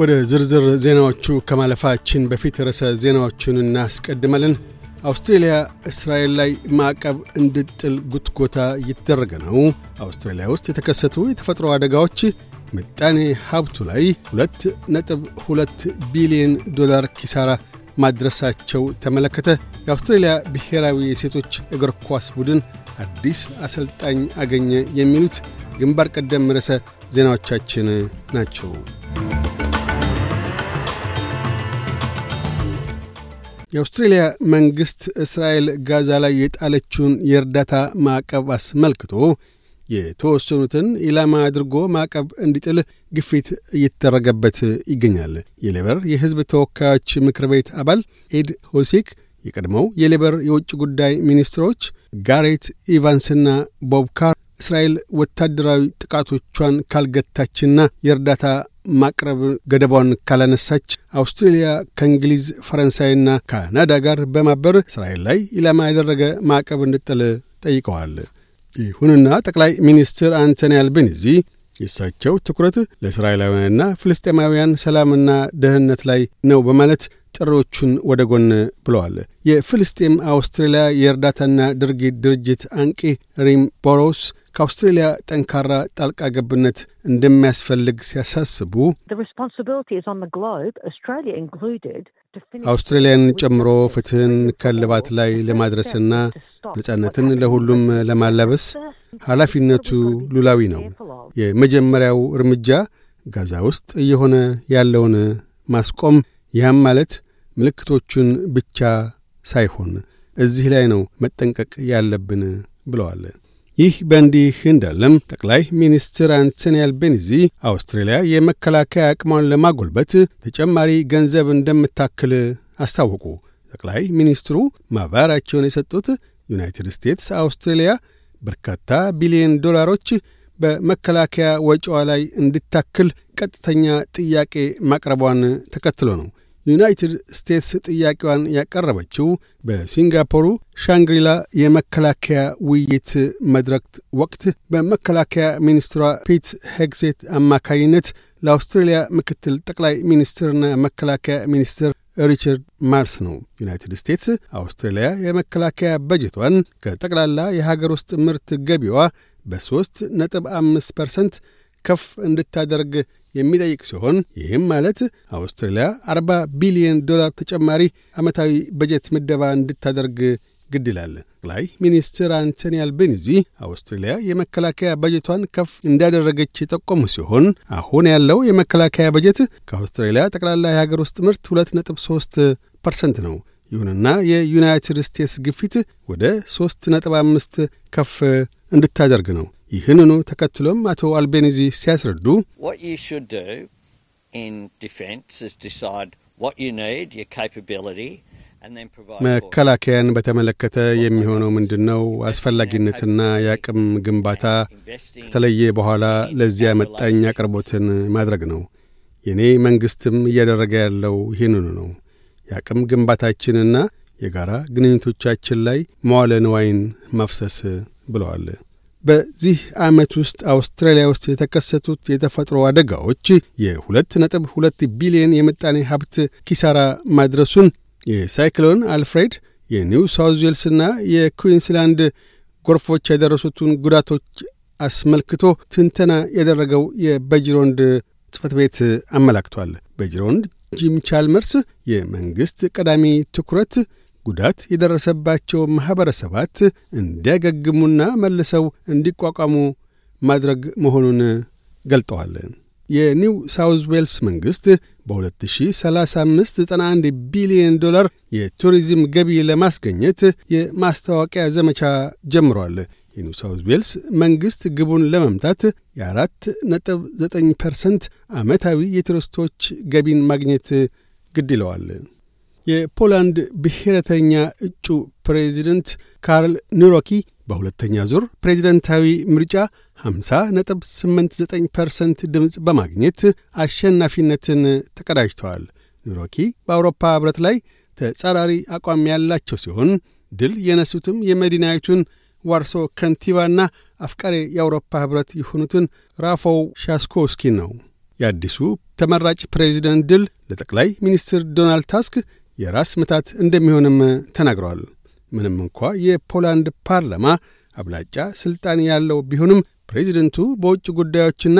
ወደ ዝርዝር ዜናዎቹ ከማለፋችን በፊት ርዕሰ ዜናዎቹን እናስቀድማለን። አውስትሬልያ እስራኤል ላይ ማዕቀብ እንድጥል ጉትጎታ እየተደረገ ነው። አውስትሬልያ ውስጥ የተከሰቱ የተፈጥሮ አደጋዎች ምጣኔ ሀብቱ ላይ 2.2 ቢሊዮን ዶላር ኪሳራ ማድረሳቸው ተመለከተ። የአውስትሬልያ ብሔራዊ የሴቶች እግር ኳስ ቡድን አዲስ አሰልጣኝ አገኘ። የሚሉት ግንባር ቀደም ርዕሰ ዜናዎቻችን ናቸው። የአውስትሬልያ መንግሥት እስራኤል ጋዛ ላይ የጣለችውን የእርዳታ ማዕቀብ አስመልክቶ የተወሰኑትን ኢላማ አድርጎ ማዕቀብ እንዲጥል ግፊት እየተደረገበት ይገኛል። የሌበር የሕዝብ ተወካዮች ምክር ቤት አባል ኤድ ሆሲክ የቀድሞው የሌበር የውጭ ጉዳይ ሚኒስትሮች ጋሬት ኢቫንስና ቦብ ካር እስራኤል ወታደራዊ ጥቃቶቿን ካልገታችና የእርዳታ ማቅረብ ገደቧን ካላነሳች አውስትሬልያ ከእንግሊዝ ፈረንሳይና ካናዳ ጋር በማበር እስራኤል ላይ ኢላማ ያደረገ ማዕቀብ እንድጥል ጠይቀዋል። ይሁንና ጠቅላይ ሚኒስትር አንቶኒ አልቤኒዚ የእሳቸው ትኩረት ለእስራኤላውያንና ፍልስጤማውያን ሰላምና ደህንነት ላይ ነው በማለት ጥሪዎቹን ወደ ጎን ብለዋል። የፍልስጤም አውስትሬልያ የእርዳታና ድርጊት ድርጅት አንቂ ሪም ቦሮስ ከአውስትሬልያ ጠንካራ ጣልቃ ገብነት እንደሚያስፈልግ ሲያሳስቡ አውስትሬልያን ጨምሮ ፍትህን ከልባት ላይ ለማድረስና ነጻነትን ለሁሉም ለማላበስ ኃላፊነቱ ሉላዊ ነው። የመጀመሪያው እርምጃ ጋዛ ውስጥ እየሆነ ያለውን ማስቆም፣ ያም ማለት ምልክቶቹን ብቻ ሳይሆን እዚህ ላይ ነው መጠንቀቅ ያለብን ብለዋል። ይህ በእንዲህ እንዳለም ጠቅላይ ሚኒስትር አንቶኒ አልቤኒዚ አውስትሬልያ የመከላከያ አቅሟን ለማጎልበት ተጨማሪ ገንዘብ እንደምታክል አስታወቁ። ጠቅላይ ሚኒስትሩ ማብራሪያቸውን የሰጡት ዩናይትድ ስቴትስ አውስትሬልያ በርካታ ቢሊዮን ዶላሮች በመከላከያ ወጪዋ ላይ እንድታክል ቀጥተኛ ጥያቄ ማቅረቧን ተከትሎ ነው። ዩናይትድ ስቴትስ ጥያቄዋን ያቀረበችው በሲንጋፖሩ ሻንግሪላ የመከላከያ ውይይት መድረክ ወቅት በመከላከያ ሚኒስትሯ ፒት ሄግሴት አማካይነት ለአውስትሬልያ ምክትል ጠቅላይ ሚኒስትርና መከላከያ ሚኒስትር ሪቻርድ ማርስ ነው። ዩናይትድ ስቴትስ አውስትሬልያ የመከላከያ በጀቷን ከጠቅላላ የሀገር ውስጥ ምርት ገቢዋ በሦስት ነጥብ አምስት ፐርሰንት ከፍ እንድታደርግ የሚጠይቅ ሲሆን ይህም ማለት አውስትራሊያ 40 ቢሊዮን ዶላር ተጨማሪ ዓመታዊ በጀት ምደባ እንድታደርግ ግድላል። ጠቅላይ ሚኒስትር አንቶኒ አልቤኒዚ አውስትራሊያ የመከላከያ በጀቷን ከፍ እንዳደረገች የጠቆሙ ሲሆን አሁን ያለው የመከላከያ በጀት ከአውስትራሊያ ጠቅላላ የሀገር ውስጥ ምርት 2.3 ፐርሰንት ነው። ይሁንና የዩናይትድ ስቴትስ ግፊት ወደ 3.5 ከፍ እንድታደርግ ነው። ይህንኑ ተከትሎም አቶ አልቤኒዚ ሲያስረዱ መከላከያን በተመለከተ የሚሆነው ምንድን ነው? አስፈላጊነትና የአቅም ግንባታ ከተለየ በኋላ ለዚያ መጣኝ አቅርቦትን ማድረግ ነው። የእኔ መንግሥትም እያደረገ ያለው ይህንኑ ነው። የአቅም ግንባታችንና የጋራ ግንኙነቶቻችን ላይ መዋለ ንዋይን ማፍሰስ ብለዋል። በዚህ ዓመት ውስጥ አውስትራሊያ ውስጥ የተከሰቱት የተፈጥሮ አደጋዎች የሁለት ነጥብ ቢሊዮን የምጣኔ ሀብት ኪሳራ ማድረሱን የሳይክሎን አልፍሬድ የኒው ሳውዝ ዌልስና የኩዊንስላንድ ጎርፎች ያደረሱትን ጉዳቶች አስመልክቶ ትንተና ያደረገው የበጅሮንድ ጽፈት ቤት አመላክቷል። በጅሮንድ ጂም ቻልመርስ የመንግሥት ቀዳሚ ትኩረት ጉዳት የደረሰባቸው ማኅበረሰባት እንዲያገግሙና መልሰው እንዲቋቋሙ ማድረግ መሆኑን ገልጠዋል። የኒው ሳውዝ ዌልስ መንግሥት በ2035 91 ቢሊዮን ዶላር የቱሪዝም ገቢ ለማስገኘት የማስታወቂያ ዘመቻ ጀምሯል። የኒው ሳውዝ ዌልስ መንግሥት ግቡን ለመምታት የአራት ነጥብ ዘጠኝ ፐርሰንት ዓመታዊ የቱሪስቶች ገቢን ማግኘት ግድ ይለዋል። የፖላንድ ብሔረተኛ እጩ ፕሬዚደንት ካርል ኒሮኪ በሁለተኛ ዙር ፕሬዚደንታዊ ምርጫ 50.89 ፐርሰንት ድምፅ በማግኘት አሸናፊነትን ተቀዳጅተዋል። ኒሮኪ በአውሮፓ ኅብረት ላይ ተጻራሪ አቋም ያላቸው ሲሆን ድል የነሱትም የመዲናዊቱን ዋርሶ ከንቲባና አፍቃሪ የአውሮፓ ኅብረት የሆኑትን ራፎው ሻስኮውስኪ ነው። የአዲሱ ተመራጭ ፕሬዚደንት ድል ለጠቅላይ ሚኒስትር ዶናልድ ታስክ የራስ ምታት እንደሚሆንም ተናግረዋል። ምንም እንኳ የፖላንድ ፓርላማ አብላጫ ሥልጣን ያለው ቢሆንም ፕሬዚደንቱ በውጭ ጉዳዮችና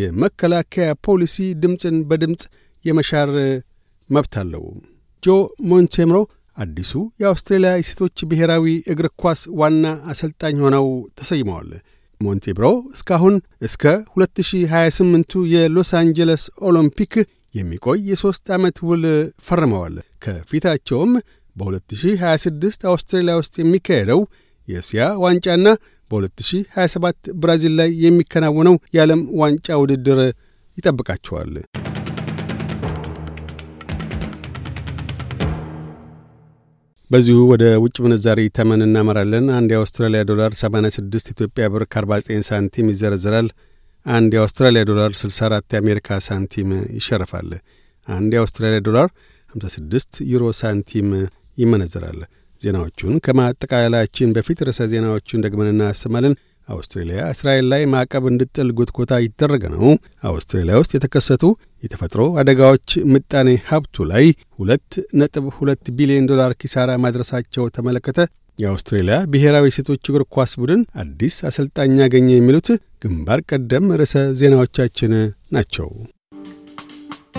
የመከላከያ ፖሊሲ ድምፅን በድምፅ የመሻር መብት አለው። ጆ ሞንቴምሮ አዲሱ የአውስትሬልያ የሴቶች ብሔራዊ እግር ኳስ ዋና አሰልጣኝ ሆነው ተሰይመዋል። ሞንቴምሮ እስካሁን እስከ 2028ቱ የሎስ አንጀለስ ኦሎምፒክ የሚቆይ የሦስት ዓመት ውል ፈርመዋል። ከፊታቸውም በ2026 አውስትራሊያ ውስጥ የሚካሄደው የእስያ ዋንጫና በ2027 ብራዚል ላይ የሚከናወነው የዓለም ዋንጫ ውድድር ይጠብቃቸዋል። በዚሁ ወደ ውጭ ምንዛሪ ተመን እናመራለን። አንድ የአውስትራሊያ ዶላር 86 ኢትዮጵያ ብር ከ49 ሳንቲም ይዘረዝራል። አንድ የአውስትራሊያ ዶላር 64 የአሜሪካ ሳንቲም ይሸርፋል። አንድ የአውስትራሊያ ዶላር 56 ዩሮ ሳንቲም ይመነዘራል። ዜናዎቹን ከማጠቃለላችን በፊት ርዕሰ ዜናዎቹን ደግመን እናሰማለን። አውስትሬልያ እስራኤል ላይ ማዕቀብ እንድጥል ጉትጎታ እየተደረገ ነው። አውስትሬልያ ውስጥ የተከሰቱ የተፈጥሮ አደጋዎች ምጣኔ ሀብቱ ላይ ሁለት ነጥብ ሁለት ቢሊዮን ዶላር ኪሳራ ማድረሳቸው ተመለከተ። የአውስትሬልያ ብሔራዊ ሴቶች እግር ኳስ ቡድን አዲስ አሰልጣኝ ያገኘ የሚሉት ግንባር ቀደም ርዕሰ ዜናዎቻችን ናቸው።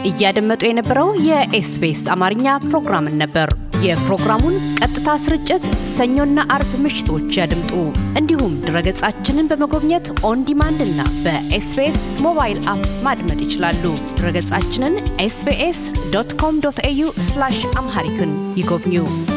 እያደመጡ የነበረው የኤስቢኤስ አማርኛ ፕሮግራምን ነበር። የፕሮግራሙን ቀጥታ ስርጭት ሰኞና አርብ ምሽቶች ያድምጡ። እንዲሁም ድረገጻችንን በመጎብኘት ኦን ዲማንድ እና በኤስቢኤስ ሞባይል አፕ ማድመጥ ይችላሉ። ድረገጻችንን ኤስቢኤስ ዶት ኮም ዶት ኤዩ አምሃሪክን ይጎብኙ።